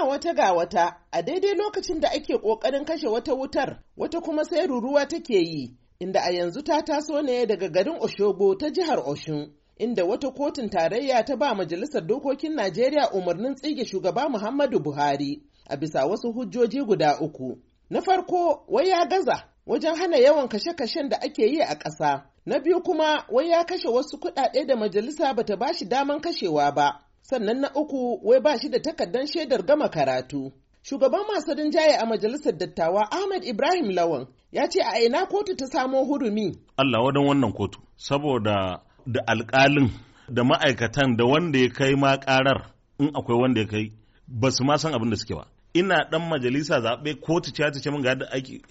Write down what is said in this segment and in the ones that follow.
Ana wata ga wata a daidai lokacin da ake ƙoƙarin kashe wata wutar wata kuma sai ruruwa take yi inda a yanzu ta taso ne daga garin Oshogo ta jihar Oshun. Inda wata kotun tarayya ta ba majalisar dokokin Najeriya umarnin tsige shugaba Muhammadu Buhari a bisa wasu hujjoji guda uku. Na farko wai ya gaza wajen hana yawan kashe-kashen da ake yi a ƙasa. Na biyu kuma wai ya kashe wasu kuɗaɗe da majalisa bata bashi daman kashewa ba. Sannan na uku wai ba shi da takardan shaidar gama karatu. Shugaban masu rinjaye a majalisar dattawa Ahmed Ibrahim Lawan ya ce a ina kotu ta samo hurumi. Allah wadan wannan kotu, saboda da alkalin da ma'aikatan da wanda ya kai ma karar in akwai wanda ya kai ba su ma san abin da suke ba. Ina dan majalisa zaɓe kotu ce ta ce min ga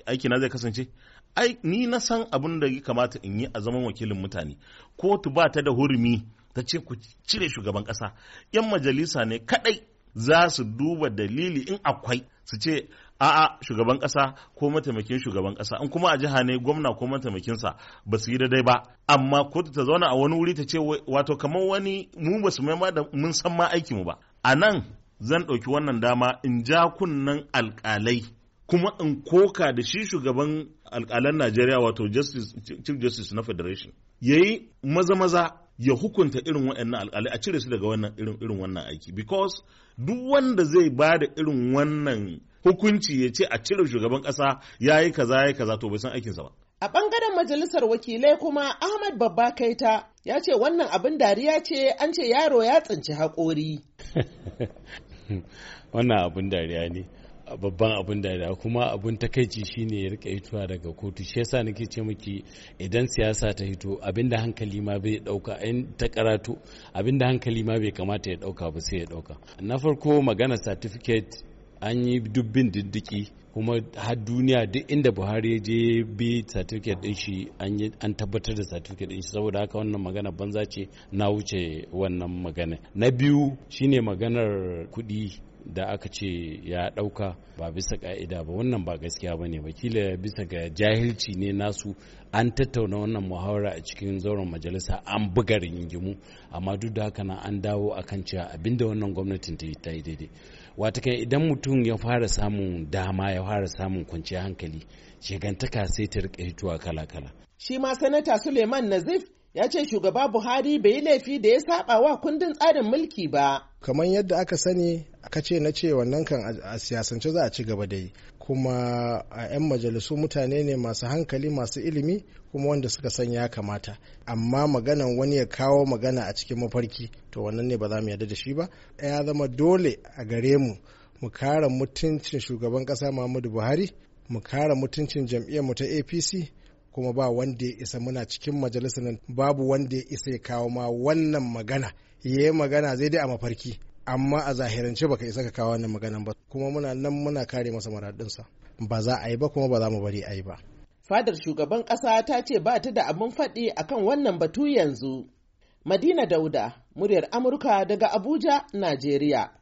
aiki na zai kasance. Ai ni na san abin da ya kamata in yi a zaman wakilin mutane. Kotu ba ta da hurumi ta ce ku cire shugaban ƙasa 'yan majalisa ne kaɗai za su duba dalili in akwai su ce a'a shugaban kasa ko mataimakin shugaban kasa. in kuma a jiha ne gwamna ko mataimakinsa ba su yi daidai ba amma kotu ta zauna a wani wuri ta ce wato kamar wani mu ba su da mun san ma aiki mu ba a nan zan ɗauki wannan dama in ja kunnan alƙalai kuma in koka da shi shugaban alƙalan Najeriya wato Chief Justice na Federation yi maza-maza ya hukunta irin waɗannan alƙalai a cire su daga wannan irin wannan aiki because duk wanda zai ba da irin wannan hukunci ya ce a cire shugaban ƙasa ya yi kaza ya kaza to bai san aikinsa ba. A ɓangaren majalisar wakilai kuma Ahmad Babba Kaita ya ce wannan abin dariya ce an ce yaro ya tsinci haƙori. wannan abin dariya ne babban abin da kuma abin takaici shine ya rika hitowa daga kotu shi yasa nake ce miki idan siyasa ta hito abinda hankali ma bai dauka in ta karatu abinda hankali ma bai kamata ya dauka ba sai ya dauka na farko magana certificate an yi dubbin diddiki kuma har duniya duk inda buhari ya je bi satifiket din shi an tabbatar da satifiket din shi saboda haka wannan magana banza ce na wuce wannan magana na biyu shine maganar kuɗi da aka ce ya ɗauka ba bisa ka'ida ba wannan ba gaskiya ba ne wakila bisa ga jahilci ne nasu an tattauna wannan muhawara a cikin zauren majalisa an buga rigingimu amma duk da haka na an dawo a kan cewa abinda wannan gwamnatin ta yi daidai watakan idan mutum ya fara samun dama ya fara samun kwanciyar hankali shigantaka sai ta riƙe hituwa kala-kala. Shi ma sanata Suleiman Nazif ya ce shugaba Buhari bai yi laifi da ya saba wa kundin tsarin mulki ba. Kamar yadda aka sani aka ce na ce wannan kan a siyasance za a ci gaba da yi kuma a 'yan majalisu mutane ne masu hankali masu ilimi kuma wanda suka san ya kamata amma maganan wani ya kawo magana a cikin mafarki to wannan ne ba za mu yarda da shi ba ya zama dole a gare mu mu kare mutuncin shugaban ƙasa muhammadu buhari mu kare mutuncin mu ta apc kuma ba wanda ya isa muna cikin majalisar nan babu wanda ya isa ya kawo ma wannan magana ya yi magana zai dai a mafarki amma a zahirance baka isa ka kawo wannan maganan ba kuma muna nan muna kare masa maradinsa ba za a yi ba kuma ba za mu bari a yi ba fadar shugaban ƙasa ta ce ba ta da abin faɗi akan wannan batu yanzu madina dauda muryar amurka daga abuja najeriya